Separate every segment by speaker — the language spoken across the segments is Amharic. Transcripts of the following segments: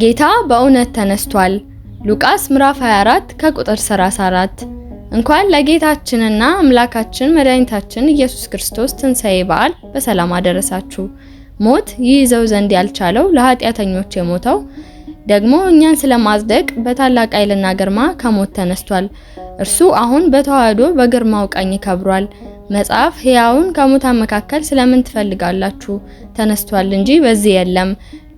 Speaker 1: ጌታ በእውነት ተነስቷል። ሉቃስ ምዕራፍ 24 ከቁጥር 34። እንኳን ለጌታችንና አምላካችን መድኃኒታችን ኢየሱስ ክርስቶስ ትንሣኤ በዓል በሰላም አደረሳችሁ። ሞት ይይዘው ዘንድ ያልቻለው ለኃጢአተኞች የሞተው ደግሞ እኛን ስለማጽደቅ በታላቅ ኃይልና ግርማ ከሞት ተነስቷል። እርሱ አሁን በተዋህዶ በግርማው ቀኝ ከብሯል። መጽሐፍ ሕያውን ከሙታን መካከል ስለምን ትፈልጋላችሁ? ተነስቷል እንጂ በዚህ የለም።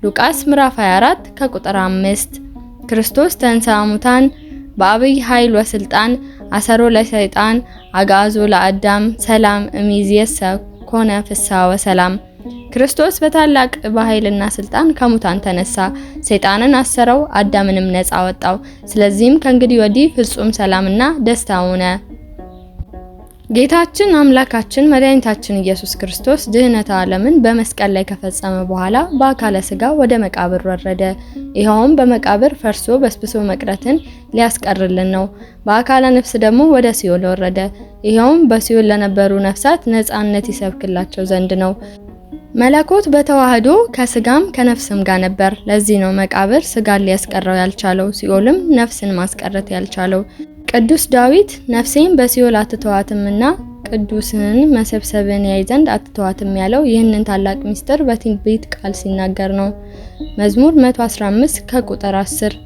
Speaker 1: ሉቃስ ምዕራፍ 24 ከቁጥር 5። ክርስቶስ ተንሥአ እሙታን በአብይ ኃይል ወስልጣን አሰሮ ለሰይጣን አጋዞ ለአዳም ሰላም እምይእዜሰ ኮነ ፍስሐ ወሰላም። ክርስቶስ በታላቅ በኃይልና ስልጣን ከሙታን ተነሳ፣ ሰይጣንን አሰረው፣ አዳምንም ነፃ አወጣው። ስለዚህም ከእንግዲህ ወዲህ ፍጹም ሰላምና ደስታ ሆነ። ጌታችን አምላካችን መድኃኒታችን ኢየሱስ ክርስቶስ ድህነተ ዓለምን በመስቀል ላይ ከፈጸመ በኋላ በአካለ ስጋ ወደ መቃብር ወረደ። ይኸውም በመቃብር ፈርሶ በስብሶ መቅረትን ሊያስቀርልን ነው። በአካለ ነፍስ ደግሞ ወደ ሲኦል ወረደ። ይኸውም በሲኦል ለነበሩ ነፍሳት ነፃነት ይሰብክላቸው ዘንድ ነው። መለኮት በተዋህዶ ከስጋም ከነፍስም ጋር ነበር። ለዚህ ነው መቃብር ስጋን ሊያስቀረው ያልቻለው፣ ሲኦልም ነፍስን ማስቀረት ያልቻለው። ቅዱስ ዳዊት ነፍሴን በሲኦል አትተዋትምና ቅዱስን መሰብሰብን ያይ ዘንድ አትተዋትም ያለው ይህንን ታላቅ ምስጢር በትንቢት ቃል ሲናገር ነው። መዝሙር 115 ከቁጥር 10።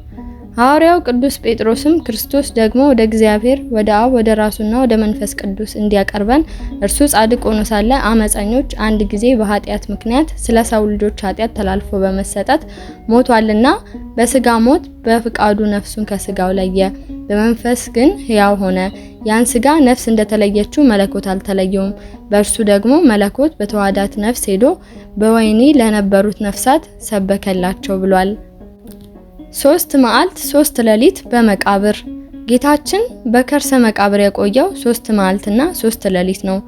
Speaker 1: ሐዋርያው ቅዱስ ጴጥሮስም ክርስቶስ ደግሞ ወደ እግዚአብሔር ወደ አብ ወደ ራሱና ወደ መንፈስ ቅዱስ እንዲያቀርበን እርሱ ጻድቅ ሆኖ ሳለ አመፀኞች አንድ ጊዜ በኃጢአት ምክንያት ስለ ሰው ልጆች ኃጢአት ተላልፎ በመሰጠት ሞቷልና በስጋ ሞት በፍቃዱ ነፍሱን ከስጋው ለየ። በመንፈስ ግን ሕያው ሆነ። ያን ስጋ ነፍስ እንደተለየችው መለኮት አልተለየውም። በእርሱ ደግሞ መለኮት በተዋዳት ነፍስ ሄዶ በወይኒ ለነበሩት ነፍሳት ሰበከላቸው ብሏል። ሶስት መዓልት ሶስት ሌሊት በመቃብር ጌታችን በከርሰ መቃብር የቆየው ሶስት መዓልትና ሶስት ሌሊት ነው።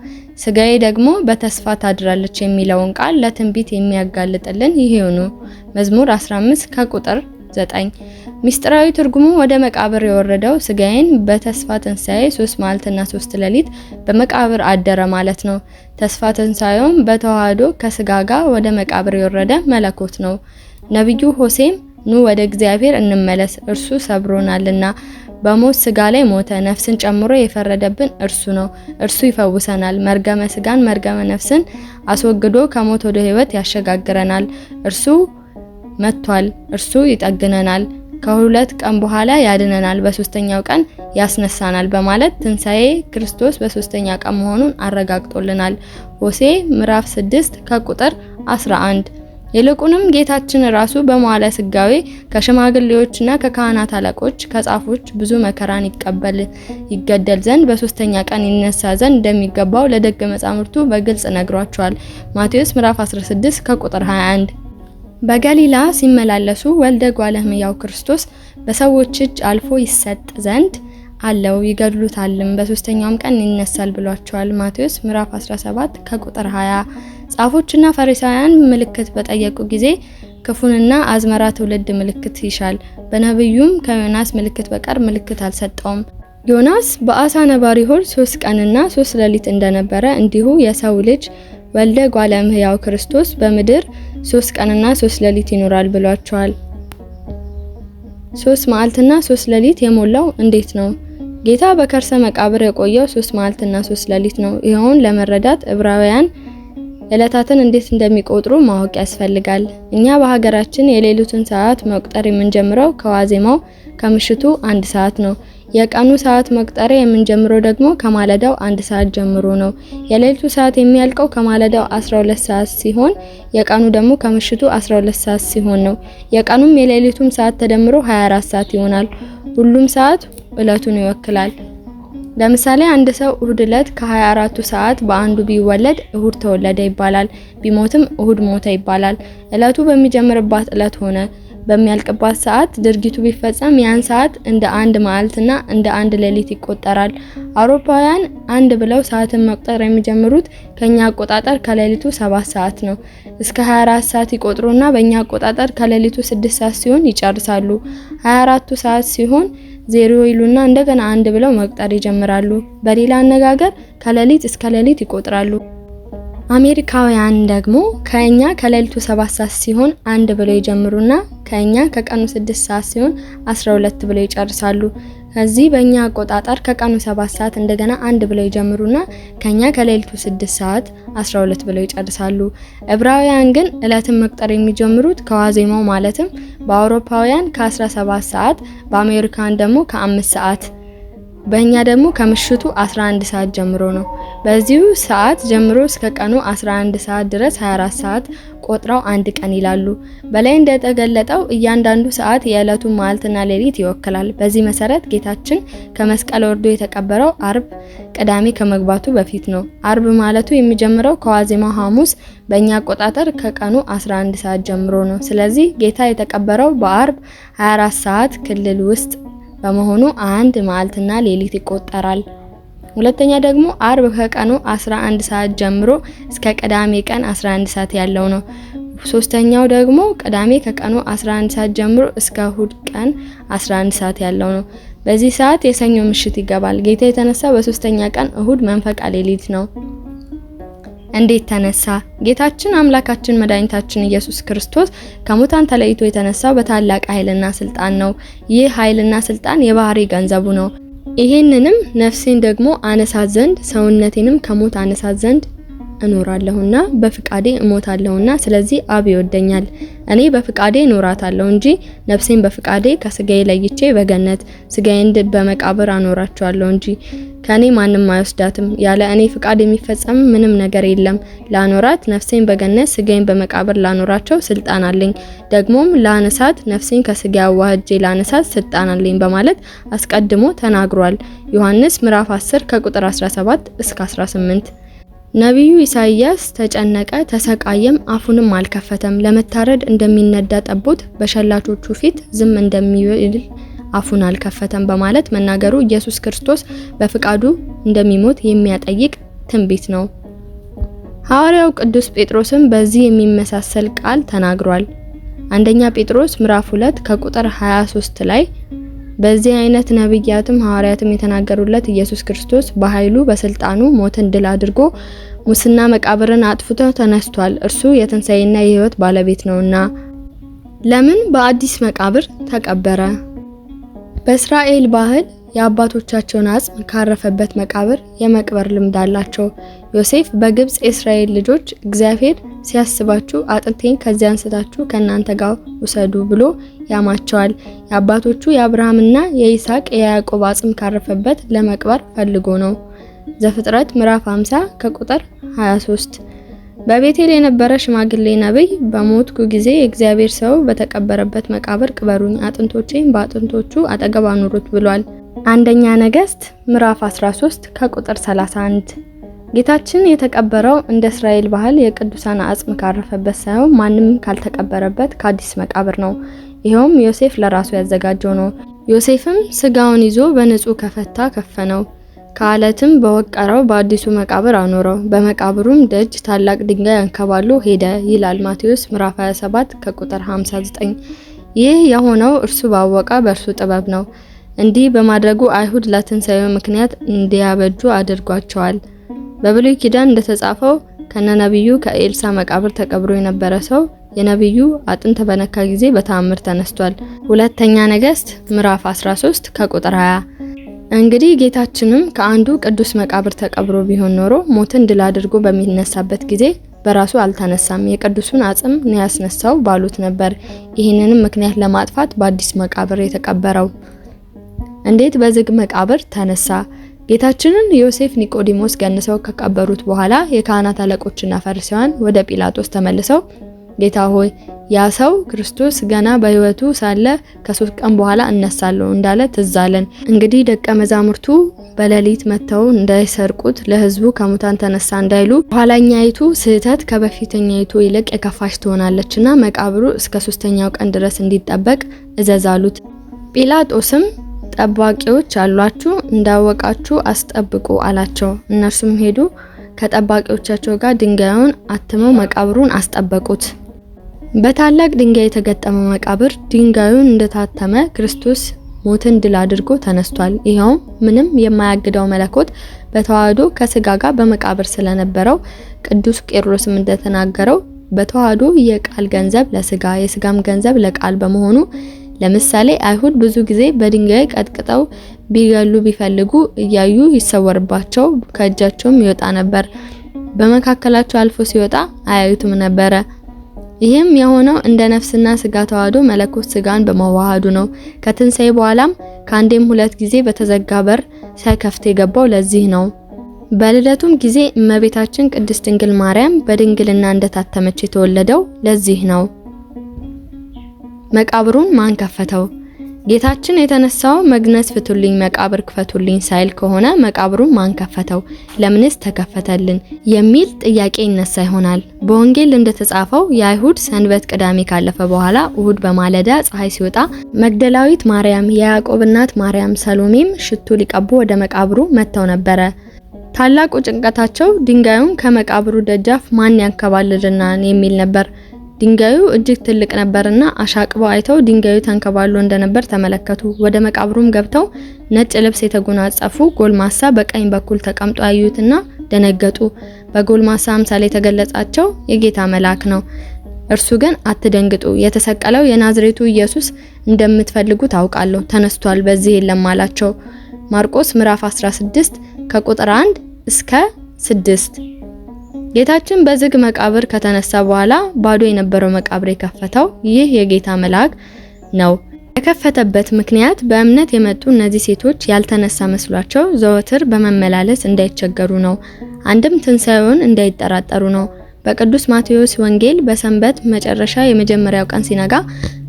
Speaker 1: ስጋዬ ደግሞ በተስፋ ታድራለች የሚለውን ቃል ለትንቢት የሚያጋልጥልን ይሄው ነው። መዝሙር 15 ከቁጥር 9 ሚስጥራዊ ትርጉሙ ወደ መቃብር የወረደው ስጋዬን በተስፋ ትንሳኤ ሶስት መዓልትና ሶስት ሌሊት በመቃብር አደረ ማለት ነው። ተስፋ ትንሳኤውም በተዋህዶ ከስጋ ጋር ወደ መቃብር የወረደ መለኮት ነው። ነቢዩ ሆሴም ኑ ወደ እግዚአብሔር እንመለስ እርሱ ሰብሮናልና በሞት ስጋ ላይ ሞተ፣ ነፍስን ጨምሮ የፈረደብን እርሱ ነው። እርሱ ይፈውሰናል። መርገመ ስጋን መርገመ ነፍስን አስወግዶ ከሞት ወደ ህይወት ያሸጋግረናል። እርሱ መጥቷል፣ እርሱ ይጠግነናል። ከሁለት ቀን በኋላ ያድነናል፣ በሶስተኛው ቀን ያስነሳናል በማለት ትንሣኤ ክርስቶስ በሶስተኛ ቀን መሆኑን አረጋግጦልናል። ሆሴ ምዕራፍ 6 ከቁጥር 11። ይልቁንም ጌታችን ራሱ በመዋለ ስጋዌ ከሽማግሌዎችና ከካህናት አለቆች ከጻፎች ብዙ መከራን ይቀበል ይገደል ዘንድ በሶስተኛ ቀን ይነሳ ዘንድ እንደሚገባው ለደቀ መዛሙርቱ በግልጽ ነግሯቸዋል። ማቴዎስ ምዕራፍ 16 ከቁጥር 21 በገሊላ ሲመላለሱ ወልደ እጓለ ክርስቶስ በሰዎች እጅ አልፎ ይሰጥ ዘንድ አለው ይገድሉታልም፣ በሶስተኛውም ቀን ይነሳል ብሏቸዋል። ማቴዎስ ምዕራፍ 17 ከቁጥር 20። ጻፎችና ፈሪሳውያን ምልክት በጠየቁ ጊዜ ክፉንና አዝመራ ትውልድ ምልክት ይሻል፣ በነቢዩም ከዮናስ ምልክት በቀር ምልክት አልሰጠውም። ዮናስ በአሳ ነባሪ ሆድ ሶስት ቀንና ሶስት ሌሊት እንደነበረ እንዲሁ የሰው ልጅ ወልደ ጓለ እመሕያው ክርስቶስ በምድር ሶስት ቀንና ሶስት ሌሊት ይኖራል ብሏቸዋል። ሶስት መዓልትና ሶስት ሌሊት የሞላው እንዴት ነው? ጌታ በከርሰ መቃብር የቆየው ሶስት መዓልትና ሶስት ሌሊት ነው። ይኸውን ለመረዳት ዕብራውያን ዕለታትን እንዴት እንደሚቆጥሩ ማወቅ ያስፈልጋል። እኛ በሀገራችን የሌሊቱን ሰዓት መቁጠር የምንጀምረው ከዋዜማው ከምሽቱ አንድ ሰዓት ነው። የቀኑ ሰዓት መቁጠሪያ የምንጀምረው ደግሞ ከማለዳው አንድ ሰዓት ጀምሮ ነው። የሌሊቱ ሰዓት የሚያልቀው ከማለዳው 12 ሰዓት ሲሆን የቀኑ ደግሞ ከምሽቱ 12 ሰዓት ሲሆን ነው። የቀኑም የሌሊቱም ሰዓት ተደምሮ 24 ሰዓት ይሆናል። ሁሉም ሰዓት እለቱን ይወክላል። ለምሳሌ አንድ ሰው እሁድ እለት ከ24ቱ ሰዓት በአንዱ ቢወለድ እሁድ ተወለደ ይባላል። ቢሞትም እሁድ ሞተ ይባላል። እለቱ በሚጀምርባት እለት ሆነ። በሚያልቅባት ሰዓት ድርጊቱ ቢፈጸም ያን ሰዓት እንደ አንድ መዓልትና እንደ አንድ ሌሊት ይቆጠራል። አውሮፓውያን አንድ ብለው ሰዓትን መቁጠር የሚጀምሩት ከኛ አቆጣጠር ከሌሊቱ 7 ሰዓት ነው። እስከ 24 ሰዓት ይቆጥሩና በእኛ አቆጣጠር ከሌሊቱ 6 ሰዓት ሲሆን ይጨርሳሉ። 24ቱ ሰዓት ሲሆን ዜሮ ይሉና እንደገና አንድ ብለው መቁጠር ይጀምራሉ። በሌላ አነጋገር ከሌሊት እስከ ሌሊት ይቆጥራሉ። አሜሪካውያን ደግሞ ከእኛ ከሌሊቱ ሰባት ሰዓት ሲሆን አንድ ብለው ይጀምሩና ከእኛ ከቀኑ ስድስት ሰዓት ሲሆን አስራ ሁለት ብለው ይጨርሳሉ። ከዚህ በእኛ አቆጣጠር ከቀኑ ሰባት ሰዓት እንደገና አንድ ብለው ይጀምሩና ከኛ ከሌሊቱ ስድስት ሰዓት አስራ ሁለት ብለው ይጨርሳሉ። እብራውያን ግን እለትን መቁጠር የሚጀምሩት ከዋዜማው ማለትም በአውሮፓውያን ከ17 ሰዓት በአሜሪካን ደግሞ ከአምስት ሰዓት በእኛ ደግሞ ከምሽቱ 11 ሰዓት ጀምሮ ነው። በዚሁ ሰዓት ጀምሮ እስከ ቀኑ 11 ሰዓት ድረስ 24 ሰዓት ቆጥረው አንድ ቀን ይላሉ። በላይ እንደተገለጠው እያንዳንዱ ሰዓት የዕለቱን መዓልትና ሌሊት ይወክላል። በዚህ መሰረት ጌታችን ከመስቀል ወርዶ የተቀበረው አርብ ቅዳሜ ከመግባቱ በፊት ነው። አርብ ማለቱ የሚጀምረው ከዋዜማው ሐሙስ በእኛ አቆጣጠር ከቀኑ 11 ሰዓት ጀምሮ ነው። ስለዚህ ጌታ የተቀበረው በአርብ 24 ሰዓት ክልል ውስጥ በመሆኑ አንድ መዓልትና ሌሊት ይቆጠራል። ሁለተኛ ደግሞ አርብ ከቀኑ 11 ሰዓት ጀምሮ እስከ ቅዳሜ ቀን 11 ሰዓት ያለው ነው። ሶስተኛው ደግሞ ቅዳሜ ከቀኑ 11 ሰዓት ጀምሮ እስከ እሁድ ቀን 11 ሰዓት ያለው ነው። በዚህ ሰዓት የሰኞ ምሽት ይገባል። ጌታ የተነሳ በሶስተኛ ቀን እሁድ መንፈቀ ሌሊት ነው። እንዴት ተነሳ? ጌታችን አምላካችን መድኃኒታችን ኢየሱስ ክርስቶስ ከሙታን ተለይቶ የተነሳው በታላቅ ኃይልና ስልጣን ነው። ይህ ኃይልና ስልጣን የባህሪ ገንዘቡ ነው። ይሄንንም ነፍሴን ደግሞ አነሳት ዘንድ ሰውነቴንም ከሞት አነሳት ዘንድ እኖራለሁና በፍቃዴ እሞታለሁና ስለዚህ አብ ይወደኛል። እኔ በፍቃዴ እኖራታለሁ እንጂ ነፍሴን በፍቃዴ ከስጋዬ ለይቼ በገነት ስጋዬን በመቃብር አኖራቸዋለሁ እንጂ ከኔ ማንም አይወስዳትም። ያለ እኔ ፍቃድ የሚፈጸም ምንም ነገር የለም። ላኖራት ነፍሴን በገነት ስጋዬን በመቃብር ላኖራቸው ስልጣን አለኝ። ደግሞም ላነሳት ነፍሴን ከስጋ አዋህጄ ላነሳት ስልጣን አለኝ በማለት አስቀድሞ ተናግሯል። ዮሐንስ ምዕራፍ 10 ከቁጥር 17 እስከ 18 ነቢዩ ኢሳይያስ ተጨነቀ፣ ተሰቃየም፣ አፉንም አልከፈተም። ለመታረድ እንደሚነዳ ጠቦት በሸላቾቹ ፊት ዝም እንደሚል አፉን አልከፈተም በማለት መናገሩ ኢየሱስ ክርስቶስ በፍቃዱ እንደሚሞት የሚያጠይቅ ትንቢት ነው። ሐዋርያው ቅዱስ ጴጥሮስም በዚህ የሚመሳሰል ቃል ተናግሯል። አንደኛ ጴጥሮስ ምዕራፍ 2 ከቁጥር 23 ላይ በዚህ አይነት ነብያትም ሐዋርያትም የተናገሩለት ኢየሱስ ክርስቶስ በኃይሉ በስልጣኑ ሞትን ድል አድርጎ ሙስና መቃብርን አጥፍቶ ተነስቷል። እርሱ የትንሣኤና የሕይወት ባለቤት ነውና ለምን በአዲስ መቃብር ተቀበረ? በእስራኤል ባህል የአባቶቻቸውን አጽም ካረፈበት መቃብር የመቅበር ልምድ አላቸው። ዮሴፍ በግብፅ የእስራኤል ልጆች እግዚአብሔር ሲያስባችሁ አጥንቴን ከዚያ አንስታችሁ ከእናንተ ጋር ውሰዱ ብሎ ያማቸዋል። የአባቶቹ የአብርሃምና የይስሐቅ የያዕቆብ አጽም ካረፈበት ለመቅበር ፈልጎ ነው። ዘፍጥረት ምዕራፍ 50 ከቁጥር 23 በቤቴል የነበረ ሽማግሌ ነቢይ በሞትኩ ጊዜ የእግዚአብሔር ሰው በተቀበረበት መቃብር ቅበሩኝ፣ አጥንቶቼን በአጥንቶቹ አጠገብ አኑሩት ብሏል። አንደኛ ነገሥት ምዕራፍ 13 ከቁጥር 31 ጌታችን የተቀበረው እንደ እስራኤል ባህል የቅዱሳን አጽም ካረፈበት ሳይሆን ማንም ካልተቀበረበት ከአዲስ መቃብር ነው። ይኸውም ዮሴፍ ለራሱ ያዘጋጀው ነው። ዮሴፍም ስጋውን ይዞ በንጹህ ከፈታ ከፈነው፣ ከአለትም በወቀረው በአዲሱ መቃብር አኖረው። በመቃብሩም ደጅ ታላቅ ድንጋይ አንከባሎ ሄደ ይላል ማቴዎስ ምዕራፍ 27 ከቁጥር 59። ይህ የሆነው እርሱ ባወቀ በእርሱ ጥበብ ነው። እንዲህ በማድረጉ አይሁድ ለትንሳኤው ምክንያት እንዲያበጁ አድርጓቸዋል። በብሉይ ኪዳን እንደተጻፈው ነብዩ ከኤልሳ መቃብር ተቀብሮ የነበረ ሰው የነቢዩ አጥንት በነካ ጊዜ በተአምር ተነስቷል። ሁለተኛ ነገሥት ምዕራፍ 13 ከቁጥር 20። እንግዲህ ጌታችንም ከአንዱ ቅዱስ መቃብር ተቀብሮ ቢሆን ኖሮ ሞትን ድል አድርጎ በሚነሳበት ጊዜ በራሱ አልተነሳም፣ የቅዱሱን አጽም ነው ያስነሳው ባሉት ነበር። ይህንንም ምክንያት ለማጥፋት በአዲስ መቃብር የተቀበረው እንዴት በዝግ መቃብር ተነሳ? ጌታችንን ዮሴፍ ኒቆዲሞስ ገንሰው ከቀበሩት በኋላ የካህናት አለቆችና ፈሪሳውያን ወደ ጲላጦስ ተመልሰው ጌታ ሆይ ያ ሰው ክርስቶስ ገና በሕይወቱ ሳለ ከሶስት ቀን በኋላ እነሳለሁ እንዳለ ትዛለን እንግዲህ ደቀ መዛሙርቱ በሌሊት መጥተው እንዳይሰርቁት ለሕዝቡ ከሙታን ተነሳ እንዳይሉ ኋላኛይቱ ስህተት ከበፊተኛይቱ ይልቅ የከፋች ትሆናለችና መቃብሩ እስከ ሶስተኛው ቀን ድረስ እንዲጠበቅ እዘዛሉት። ጲላጦስም ጠባቂዎች አሏችሁ፣ እንዳወቃችሁ አስጠብቁ አላቸው። እነርሱም ሄዱ ከጠባቂዎቻቸው ጋር ድንጋዩን አትመው መቃብሩን አስጠበቁት። በታላቅ ድንጋይ የተገጠመው መቃብር ድንጋዩን እንደታተመ ክርስቶስ ሞትን ድል አድርጎ ተነስቷል። ይኸውም ምንም የማያግደው መለኮት በተዋህዶ ከስጋ ጋር በመቃብር ስለነበረው ቅዱስ ቄርሎስም እንደተናገረው በተዋህዶ የቃል ገንዘብ ለስጋ የስጋም ገንዘብ ለቃል በመሆኑ ለምሳሌ አይሁድ ብዙ ጊዜ በድንጋይ ቀጥቅጠው ቢገሉ ቢፈልጉ እያዩ ይሰወርባቸው፣ ከእጃቸውም ይወጣ ነበር። በመካከላቸው አልፎ ሲወጣ አያዩትም ነበረ። ይህም የሆነው እንደ ነፍስና ስጋ ተዋህዶ መለኮት ስጋን በመዋሃዱ ነው። ከትንሣኤ በኋላም ከአንዴም ሁለት ጊዜ በተዘጋ በር ሳይከፍት የገባው ለዚህ ነው። በልደቱም ጊዜ እመቤታችን ቅድስት ድንግል ማርያም በድንግልና እንደታተመች የተወለደው ለዚህ ነው። መቃብሩን ማን ከፈተው? ጌታችን የተነሳው መግነዝ ፍቱልኝ፣ መቃብር ክፈቱልኝ ሳይል ከሆነ መቃብሩን ማን ከፈተው? ለምንስ ተከፈተልን? የሚል ጥያቄ ይነሳ ይሆናል። በወንጌል እንደተጻፈው የአይሁድ ሰንበት ቅዳሜ ካለፈ በኋላ እሁድ በማለዳ ፀሐይ ሲወጣ መግደላዊት ማርያም፣ የያዕቆብ እናት ማርያም፣ ሰሎሜም ሽቱ ሊቀቡ ወደ መቃብሩ መጥተው ነበረ። ታላቁ ጭንቀታቸው ድንጋዩን ከመቃብሩ ደጃፍ ማን ያንከባልልናን የሚል ነበር። ድንጋዩ እጅግ ትልቅ ነበርና አሻቅበው አይተው ድንጋዩ ተንከባሎ እንደነበር ተመለከቱ። ወደ መቃብሩም ገብተው ነጭ ልብስ የተጎናጸፉ ጎልማሳ በቀኝ በኩል ተቀምጦ ያዩትና ደነገጡ። በጎልማሳ አምሳል የተገለጻቸው የጌታ መልአክ ነው። እርሱ ግን አትደንግጡ፣ የተሰቀለው የናዝሬቱ ኢየሱስ እንደምትፈልጉ ታውቃለሁ፣ ተነስቷል፣ በዚህ የለም አላቸው። ማርቆስ ምዕራፍ 16 ከቁጥር 1 እስከ 6 ጌታችን በዝግ መቃብር ከተነሳ በኋላ ባዶ የነበረው መቃብር የከፈተው ይህ የጌታ መልአክ ነው። የከፈተበት ምክንያት በእምነት የመጡ እነዚህ ሴቶች ያልተነሳ መስሏቸው ዘወትር በመመላለስ እንዳይቸገሩ ነው። አንድም ትንሣኤውን እንዳይጠራጠሩ ነው። በቅዱስ ማቴዎስ ወንጌል በሰንበት መጨረሻ የመጀመሪያው ቀን ሲነጋ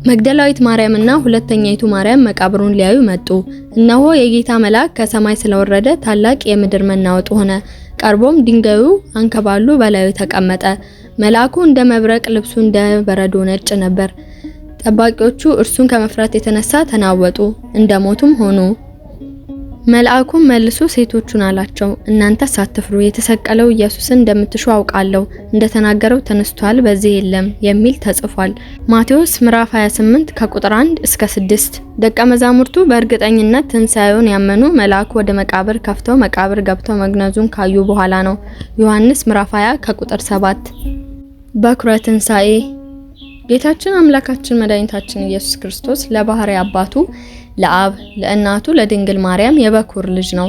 Speaker 1: መግደላዊት ማርያምና ሁለተኛይቱ ማርያም መቃብሩን ሊያዩ መጡ። እነሆ የጌታ መልአክ ከሰማይ ስለወረደ ታላቅ የምድር መናወጥ ሆነ። ቀርቦም ድንጋዩ አንከባሎ በላዩ ተቀመጠ። መልአኩ እንደ መብረቅ፣ ልብሱ እንደ በረዶ ነጭ ነበር። ጠባቂዎቹ እርሱን ከመፍራት የተነሳ ተናወጡ፣ እንደ ሞቱም ሆኑ። መልአኩም መልሶ ሴቶቹን አላቸው፣ እናንተ ሳትፍሩ የተሰቀለው ኢየሱስን እንደምትሹ አውቃለሁ፣ እንደተናገረው ተነስቷል፣ በዚህ የለም የሚል ተጽፏል። ማቴዎስ ምዕራፍ 28 ከቁጥር 1 እስከ 6። ደቀ መዛሙርቱ በእርግጠኝነት ትንሣኤውን ያመኑ መልአኩ ወደ መቃብር ከፍተው መቃብር ገብተው መግነዙን ካዩ በኋላ ነው። ዮሐንስ ምዕራፍ 20 ከቁጥር 7። በኩረ ትንሣኤ ጌታችን አምላካችን መድኃኒታችን ኢየሱስ ክርስቶስ ለባህሪ አባቱ ለአብ ለእናቱ ለድንግል ማርያም የበኩር ልጅ ነው።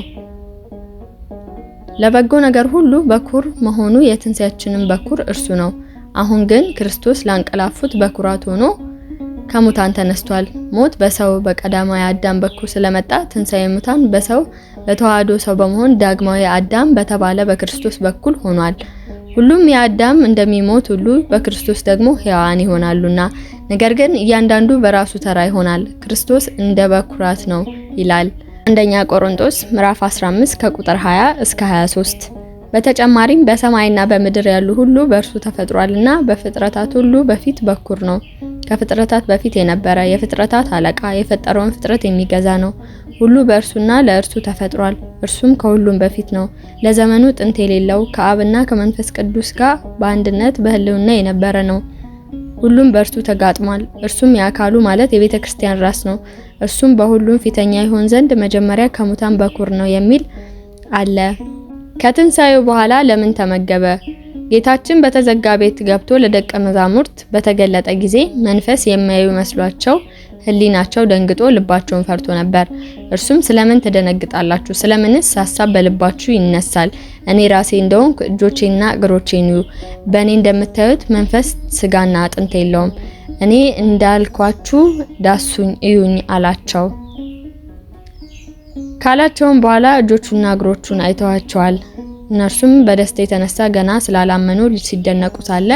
Speaker 1: ለበጎ ነገር ሁሉ በኩር መሆኑ የትንሣኤያችንን በኩር እርሱ ነው። አሁን ግን ክርስቶስ ላንቀላፉት በኩራት ሆኖ ከሙታን ተነስቷል። ሞት በሰው በቀዳማዊ አዳም በኩል ስለመጣ ትንሣኤ ሙታን በሰው በተዋህዶ ሰው በመሆን ዳግማዊ አዳም በተባለ በክርስቶስ በኩል ሆኗል። ሁሉም የአዳም እንደሚሞት ሁሉ በክርስቶስ ደግሞ ሕያዋን ይሆናሉና ነገር ግን እያንዳንዱ በራሱ ተራ ይሆናል። ክርስቶስ እንደ በኩራት ነው ይላል አንደኛ ቆሮንቶስ ምዕራፍ 15 ከቁጥር 20 እስከ 23። በተጨማሪም በሰማይና በምድር ያሉ ሁሉ በእርሱ ተፈጥሯልና በፍጥረታት ሁሉ በፊት በኩር ነው። ከፍጥረታት በፊት የነበረ የፍጥረታት አለቃ የፈጠረውን ፍጥረት የሚገዛ ነው። ሁሉ በእርሱና ለእርሱ ተፈጥሯል። እርሱም ከሁሉም በፊት ነው። ለዘመኑ ጥንት የሌለው ከአብና ከመንፈስ ቅዱስ ጋር በአንድነት በህልውና የነበረ ነው። ሁሉም በእርሱ ተጋጥሟል። እርሱም የአካሉ ማለት የቤተ ክርስቲያን ራስ ነው። እርሱም በሁሉም ፊተኛ ይሆን ዘንድ መጀመሪያ ከሙታን በኩር ነው የሚል አለ። ከትንሣኤው በኋላ ለምን ተመገበ? ጌታችን በተዘጋ ቤት ገብቶ ለደቀ መዛሙርት በተገለጠ ጊዜ መንፈስ የሚያዩ መስሏቸው ህሊናቸው ደንግጦ ልባቸውን ፈርቶ ነበር። እርሱም ስለምን ትደነግጣላችሁ? ስለምንስ ሀሳብ በልባችሁ ይነሳል? እኔ ራሴ እንደሆንኩ እጆቼና እግሮቼ ነው። በእኔ እንደምታዩት መንፈስ ስጋና አጥንት የለውም። እኔ እንዳልኳችሁ ዳሱኝ፣ እዩኝ አላቸው። ካላቸውም በኋላ እጆቹና እግሮቹን አይተዋቸዋል። እነርሱም በደስታ የተነሳ ገና ስላላመኑ ሲደነቁ ሳለ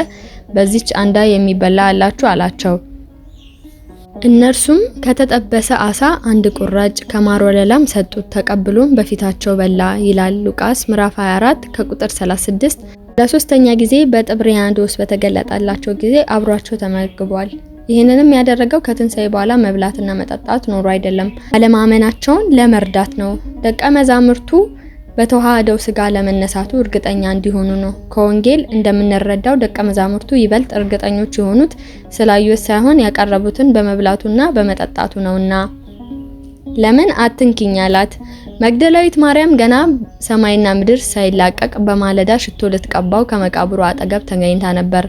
Speaker 1: በዚች አንዳ የሚበላ አላችሁ አላቸው። እነርሱም ከተጠበሰ አሳ አንድ ቁራጭ ከማር ወለላም ሰጡት፣ ተቀብሎም በፊታቸው በላ ይላል ሉቃስ ምዕራፍ 24 ከቁጥር 36። ለሶስተኛ ጊዜ በጥብርያዶስ በተገለጠላቸው ጊዜ አብሯቸው ተመግቧል። ይህንንም ያደረገው ከትንሳኤ በኋላ መብላትና መጠጣት ኖሮ አይደለም፣ አለማመናቸውን ለመርዳት ነው። ደቀ መዛሙርቱ በተዋሃደው ስጋ ለመነሳቱ እርግጠኛ እንዲሆኑ ነው። ከወንጌል እንደምንረዳው ደቀ መዛሙርቱ ይበልጥ እርግጠኞች የሆኑት ስላዩት ሳይሆን ያቀረቡትን በመብላቱና በመጠጣቱ ነውና። ለምን አትንኪኝ አላት። መግደላዊት ማርያም ገና ሰማይና ምድር ሳይላቀቅ በማለዳ ሽቶ ልትቀባው ከመቃብሩ አጠገብ ተገኝታ ነበር።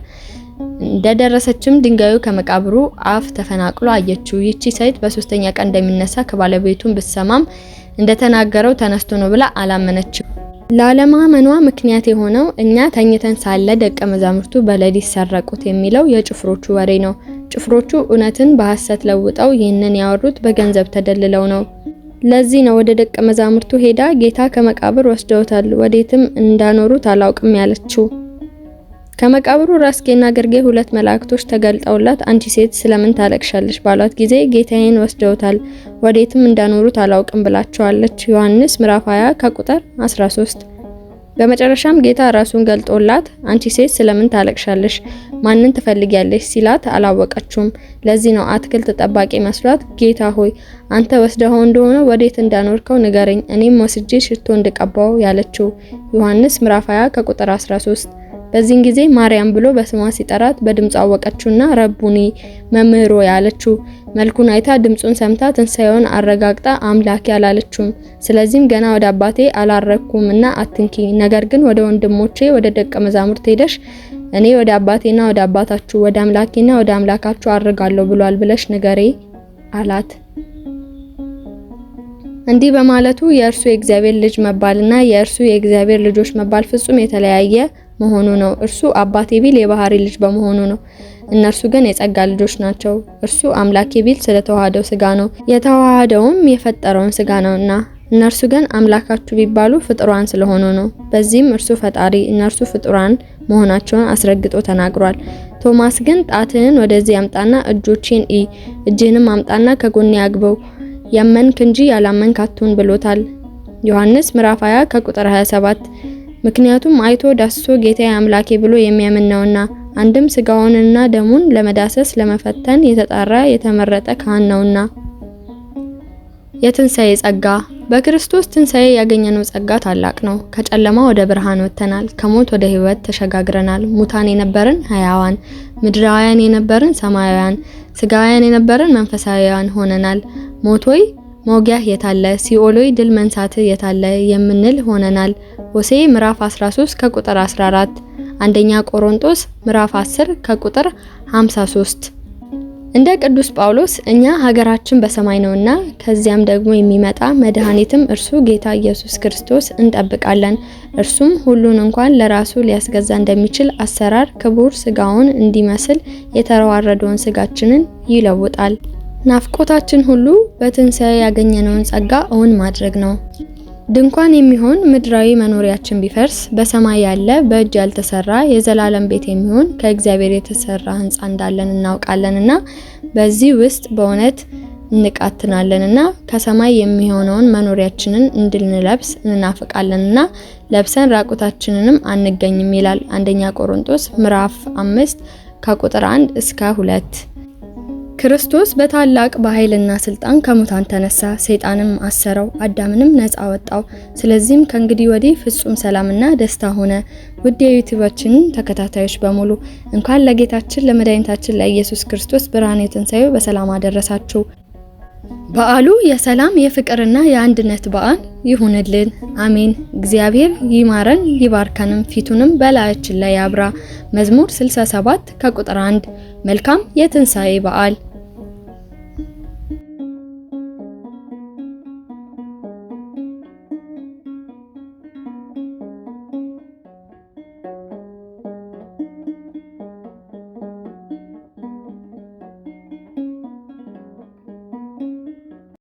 Speaker 1: እንደደረሰችም ድንጋዩ ከመቃብሩ አፍ ተፈናቅሎ አየችው። ይቺ ሳይት በሶስተኛ ቀን እንደሚነሳ ከባለቤቱን ብትሰማም እንደተናገረው ተነስቶ ነው ብላ አላመነችም። ላለማመኗ ምክንያት የሆነው እኛ ተኝተን ሳለ ደቀ መዛሙርቱ በሌሊት ሰረቁት የሚለው የጭፍሮቹ ወሬ ነው። ጭፍሮቹ እውነትን በሐሰት ለውጠው ይህንን ያወሩት በገንዘብ ተደልለው ነው። ለዚህ ነው ወደ ደቀ መዛሙርቱ ሄዳ ጌታ ከመቃብር ወስደውታል፣ ወዴትም እንዳኖሩት አላውቅም ያለችው። ከመቃብሩ ራስጌና ግርጌ ሁለት መላእክቶች ተገልጠውላት አንቺ ሴት ስለምን ታለቅሻለሽ ባሏት ጊዜ ጌታዬን ወስደውታል፣ ወዴትም እንዳኖሩት አላውቅም ብላቸዋለች። ዮሐንስ ምዕራፍ 20 ከቁጥር 13። በመጨረሻም ጌታ ራሱን ገልጦላት አንቺ ሴት ስለምን ታለቅሻለሽ? ማንን ትፈልጊያለሽ? ሲላት አላወቀችውም። ለዚህ ነው አትክልት ጠባቂ መስሏት ጌታ ሆይ አንተ ወስደኸው እንደሆነ ወዴት እንዳኖርከው ንገረኝ፣ እኔም ወስጄ ሽቶ እንድቀባው ያለችው ዮሐንስ ምዕራፍ 20 ከቁጥር 13 በዚህን ጊዜ ማርያም ብሎ በስሟ ሲጠራት በድምፅ አወቀችውና ረቡኒ መምህሮ ያለችው መልኩን አይታ ድምፁን ሰምታ ትንሣኤውን አረጋግጣ አምላኬ አላለችውም። ስለዚህም ገና ወደ አባቴ አላረግኩምና አትንኪ፣ ነገር ግን ወደ ወንድሞቼ ወደ ደቀ መዛሙርት ሄደሽ እኔ ወደ አባቴና ወደ አባታችሁ ወደ አምላኬና ወደ አምላካችሁ አርጋለሁ ብሏል ብለሽ ንገሪ አላት። እንዲህ በማለቱ የእርሱ የእግዚአብሔር ልጅ መባልና የእርሱ የእግዚአብሔር ልጆች መባል ፍጹም የተለያየ መሆኑ ነው። እርሱ አባቴ ቢል የባህሪ ልጅ በመሆኑ ነው። እነርሱ ግን የጸጋ ልጆች ናቸው። እርሱ አምላኬ ቢል ስለተዋሃደው ስጋ ነው፣ የተዋሃደውም የፈጠረውን ስጋ ነውና። እነርሱ ግን አምላካችሁ ቢባሉ ፍጥሯን ስለሆኑ ነው። በዚህም እርሱ ፈጣሪ፣ እነርሱ ፍጥሯን መሆናቸውን አስረግጦ ተናግሯል። ቶማስ ግን ጣትህን ወደዚህ አምጣና እጆቼን እይ፣ እጅህንም አምጣና ከጎን አግበው፣ ያመንክ እንጂ ያላመንክ አትሁን ብሎታል። ዮሐንስ ምዕራፍ 20 ከቁጥር 27 ምክንያቱም አይቶ ዳስሶ ጌታዬ አምላኬ ብሎ የሚያምን ነውና አንድም ስጋውንና ደሙን ለመዳሰስ ለመፈተን የተጣራ የተመረጠ ካህን ነውና። የትንሣኤ ጸጋ በክርስቶስ ትንሣኤ ያገኘነው ጸጋ ታላቅ ነው። ከጨለማ ወደ ብርሃን ወጥተናል። ከሞት ወደ ሕይወት ተሸጋግረናል። ሙታን የነበርን ሕያዋን፣ ምድራውያን የነበርን ሰማያውያን፣ ስጋውያን የነበርን መንፈሳውያን ሆነናል። ሞት ሆይ መውጊያህ የታለ ሲኦሎይ ድል መንሳት የታለ የምንል ሆነናል። ሆሴ ምዕራፍ 13 ከቁጥር 14፣ አንደኛ ቆሮንቶስ ምዕራፍ 10 ከቁጥር 53። እንደ ቅዱስ ጳውሎስ እኛ ሀገራችን በሰማይ ነውና ከዚያም ደግሞ የሚመጣ መድኃኒትም እርሱ ጌታ ኢየሱስ ክርስቶስ እንጠብቃለን። እርሱም ሁሉን እንኳን ለራሱ ሊያስገዛ እንደሚችል አሰራር ክቡር ስጋውን እንዲመስል የተረዋረደውን ስጋችንን ይለውጣል። ናፍቆታችን ሁሉ በትንሣኤ ያገኘነውን ጸጋ እውን ማድረግ ነው። ድንኳን የሚሆን ምድራዊ መኖሪያችን ቢፈርስ በሰማይ ያለ በእጅ ያልተሰራ የዘላለም ቤት የሚሆን ከእግዚአብሔር የተሰራ ሕንፃ እንዳለን እናውቃለንና በዚህ ውስጥ በእውነት እንቃትናለንና ከሰማይ የሚሆነውን መኖሪያችንን እንድንለብስ እንናፍቃለንና ለብሰን ራቁታችንንም አንገኝም ይላል አንደኛ ቆሮንቶስ ምዕራፍ አምስት ከቁጥር አንድ እስከ ሁለት ክርስቶስ በታላቅ በኃይልና ስልጣን ከሙታን ተነሳ፣ ሰይጣንም አሰረው፣ አዳምንም ነፃ አወጣው። ስለዚህም ከእንግዲህ ወዲህ ፍጹም ሰላምና ደስታ ሆነ። ውድ የዩቲዩባችን ተከታታዮች በሙሉ እንኳን ለጌታችን ለመድኃኒታችን ለኢየሱስ ክርስቶስ ብርሃን ትንሣኤው በሰላም አደረሳችሁ። በዓሉ የሰላም የፍቅርና የአንድነት በዓል ይሁንልን። አሜን። እግዚአብሔር ይማረን ይባርከንም፣ ፊቱንም በላያችን ላይ ያብራ። መዝሙር 67 ከቁጥር 1 መልካም የትንሣኤ በዓል